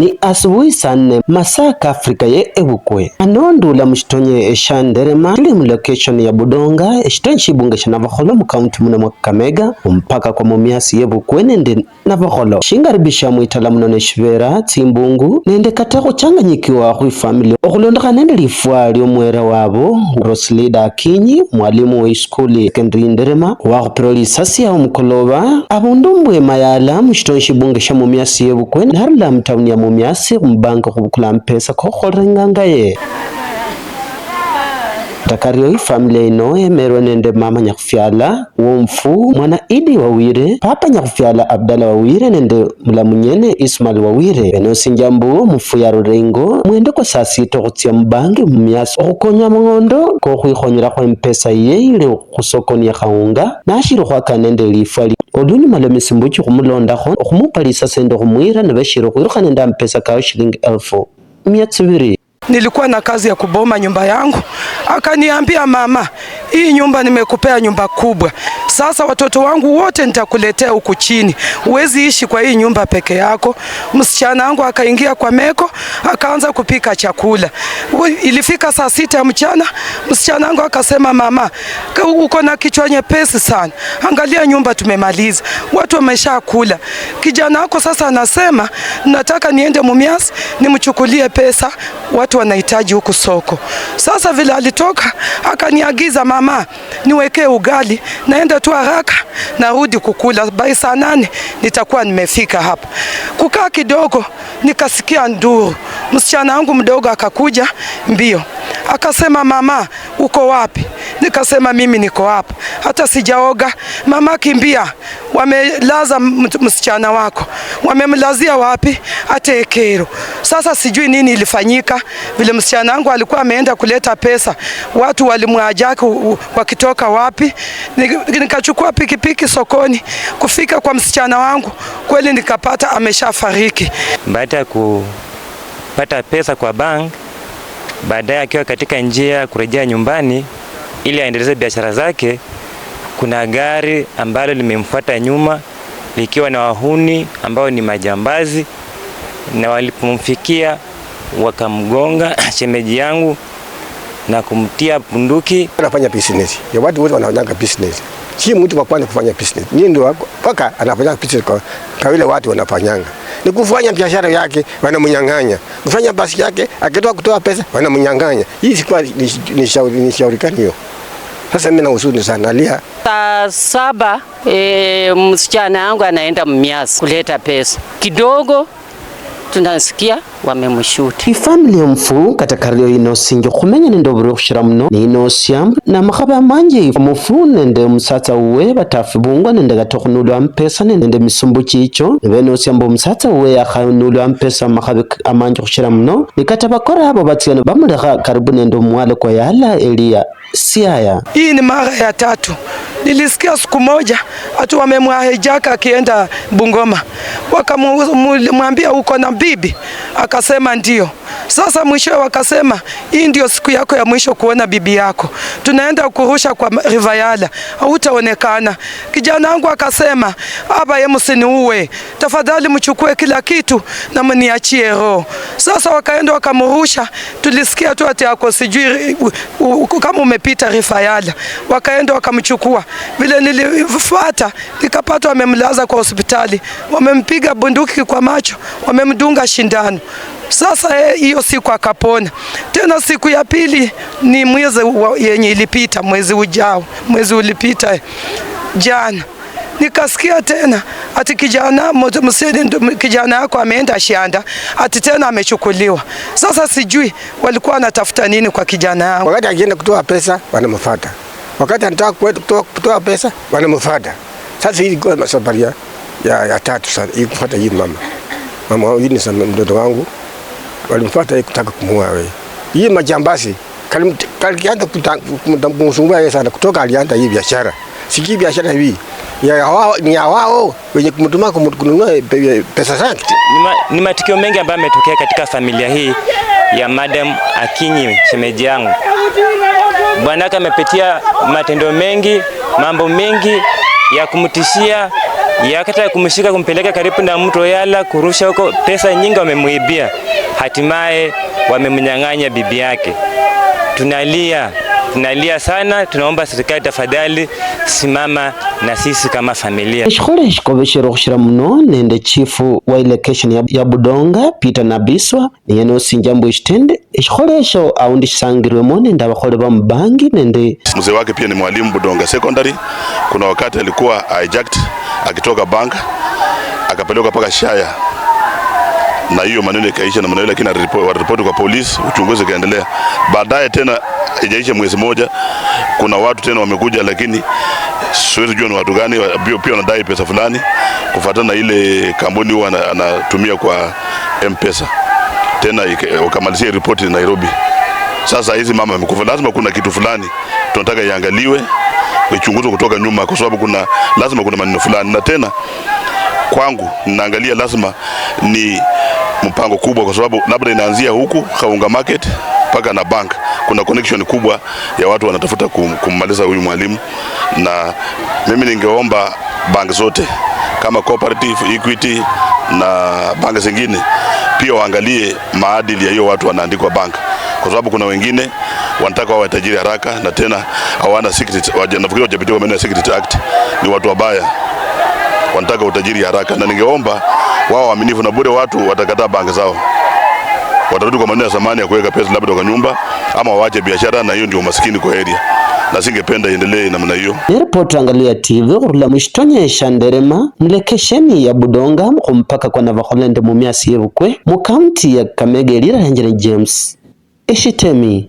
ni asubuhi saa nne masaa kafrika ye ebukwe anondula mushitonye eshanderema shili mulocation ya budonga eshitonye shibunga shanavakholo mukaunti muno mwa kakamega mpaka kwa mumiasi yebukwe nende navakholowa shingaribisha mwitalamuno ne shivera tsimbungu nende kata khuchanganyikiwa khwifamili okhulondekhana nende lifwa lyomwera wabo roslida akinyi mwalimu we iskuli sekendari nderema wakhupirwa lisasi awo mukoloba abundu mbwema mayala mushitoni shibunge sha mumyasi yevukwene narula mutawuni ya mumiasi khumubanga khubukula mpesa kokhukholerenganga ye takarioyi familia inoe merwe nende mama nyakhufyala womfu mwana idi wawire papa nyakhufyala abdala wawire nende mulamunyene ismail wawire benosinja mbu mufu ya rurengo mwendeko saa sita khutsya mubangi mumyasi okhukonya mung'ondo kokhwikhonyelakho empesa yeile khusokoni yakhawunga nashili khwakana nende lifwa olunyuma lwa misimbuchi khumulondakho okhumupalisa sende khumwira nebashili khwirukhana nende ampesa kawo shilingi elfu mia tsibiri nilikuwa na kazi ya kuboma nyumba yangu, akaniambia mama, hii nyumba nimekupea nyumba kubwa, sasa watoto wangu wote nitakuletea huku chini, huwezi ishi kwa hii nyumba peke yako. Msichana wangu akaingia kwa meko, akaanza kupika chakula. Ilifika saa sita ya mchana, msichana wangu akasema, mama, uko na kichwa nyepesi sana, angalia nyumba tumemaliza, watu wamesha kula. Kijana wako sasa anasema nataka niende Mumias nimchukulie pesa watu wanahitaji huku soko. Sasa vile alitoka akaniagiza, mama niwekee ugali, naenda tu haraka narudi kukula, bai saa nane nitakuwa nimefika hapa. Kukaa kidogo, nikasikia nduru, msichana wangu mdogo akakuja mbio Akasema, mama uko wapi? Nikasema, mimi niko hapa, hata sijaoga. Mama kimbia, wamelaza msichana wako. Wamemlazia wapi? Ekero. Sasa sijui nini ilifanyika, vile msichana wangu alikuwa ameenda kuleta pesa, watu walimwajaki wakitoka wapi. Nikachukua pikipiki sokoni, kufika kwa msichana wangu kweli nikapata ameshafariki. Baada ya kupata pesa kwa bank Baadaye akiwa katika njia kurejea nyumbani ili aendeleze biashara zake, kuna gari ambalo limemfuata nyuma likiwa na wahuni ambao ni majambazi, na walipomfikia wakamgonga shemeji yangu na kumtia punduki. Anafanya business ya watu wote wanafanya business si mtu wa kwanza kufanya business. Ni ndio paka anafanya business kwa, kwa watu wanafanyanga. Ni kufanya biashara yake wanamnyang'anya. Kufanya basi yake akitoa kutoa pesa wanamnyang'anya. Hii si kwa ni shauri ni shauri kani hiyo. Sasa mimi na huzuni sana alia. Saa saba e, msichana wangu anaenda mmiasi kuleta pesa kidogo tunasikia wamemshuti ifamili omufu katakaryo inosinja khumenya nende khushira muno na namakhaba manje mufu nende omusatsa uwe batafibungwa nende kata mpesa nende misumbu chicho nebenosyamba omusatsa uwe akhanulwa mpesa mumakhabi amanji khushira muno nikata bakora abo batsyana bamulekha karibu nende omwalo kwa yala eliya siaya hii ni mara ya tatu Nilisikia siku moja watu wamemwahejaka akienda Bungoma, wakamwambia uko na bibi, akasema ndio. Sasa mwisho wakasema hii ndio siku yako ya mwisho kuona bibi yako, tunaenda kurusha kwa Rivayala, hautaonekana. Kijana wangu akasema aba, ye msiniue tafadhali, mchukue kila kitu na mniachie roho. Sasa wakaenda wakamrusha, tulisikia tu ati ako sijui kama umepita Rivayala, wakaenda wakamchukua. Vile nilifuata nikapata wamemlaza kwa hospitali, wamempiga bunduki kwa macho, wamemdunga shindano sasa eh, hiyo e, siku akapona tena. Siku ya pili ni mwezi yenye ilipita, mwezi ujao, mwezi ulipita eh, jana nikasikia tena ati kijana mseni, kijana yako ameenda Shianda ati tena amechukuliwa. Sasa sijui walikuwa wanatafuta nini kwa kijana yao. Wakati akienda kutoa pesa wanamfuata, wakati anataka kutoa kutoa pesa wanamfuata. Sasa hii ilikuwa safari ya ya tatu sasa, ikufuata hii mama mama, hii ni mtoto wangu walimfuata kutaka kumuua wewe. Hii majambazi kalianza kumsumbua yeye sana, kutoka alianza hii biashara. Siki biashara hii ya wao ni ya wao wenye kumtuma kununua pesa zake. Ni matukio mengi ambayo yametokea katika familia hii ya Madam Akinyi, shemeji yangu. Bwanake amepitia matendo mengi, mambo mengi ya kumtishia yakata kumshika kumpeleka karibu na mto Yala kurusha huko, pesa nyingi wamemuibia, hatimaye wamemnyang'anya bibi yake. Tunalia. Tunalia sana, tunaomba serikali tafadhali simama na sisi kama familia. Ekikolo khushira muno nende chifu wa ilekesheni ya Budonga Peter Nabiswa niye nosinja mbu eshitende ekikholo esho aundi shisangirwemo nende abakhole ba mubangi nende mzee wake pia ni mwalimu Budonga Secondary. Kuna wakati alikuwa hijacked akitoka bank akapelekwa mpaka Shaya na hiyo maneno ikaisha, na maneno lakini waliripoti kwa polisi, uchunguzi ukaendelea. Baadaye tena ijaisha mwezi moja, kuna watu tena wamekuja, lakini siwezi jua ni watu gani, pia wanadai pesa fulani kufuatana na ile kampuni huwa anatumia kwa M-Pesa. Tena wakamalizia ripoti Nairobi. Sasa hizi mama amekufa, lazima kuna kitu fulani tunataka iangaliwe, ichunguzwe kutoka nyuma, kwa sababu kuna lazima kuna maneno fulani, na tena kwangu ninaangalia lazima ni mpango kubwa, kwa sababu labda inaanzia huku Kaunga Market mpaka na bank. Kuna connection kubwa ya watu wanatafuta kum, kummaliza huyu mwalimu, na mimi ningeomba bank zote kama cooperative, Equity na bank zingine pia waangalie maadili ya hiyo watu wanaandikwa bank, kwa sababu kuna wengine wanataka wawe tajiri haraka na tena hawana secret, nafikiri wajapitiwa maneno ya Secret Act, ni watu wabaya wanataka utajiri haraka, na ningeomba wao waaminifu, na bure watu watakataa banki zao, watarudi kwa maneno ya zamani ya kuweka pesa labda kwa nyumba ama waache biashara, na hiyo ndio umaskini kwa area, na singependa iendelee namna hiyo. Ripoti Angalia TV khurula mwistonye shanderema mlekesheni ya budonga khumpaka kwa navakholend mumyasi yevukwe mu kaunti ya kamega elira henjere James eshitemi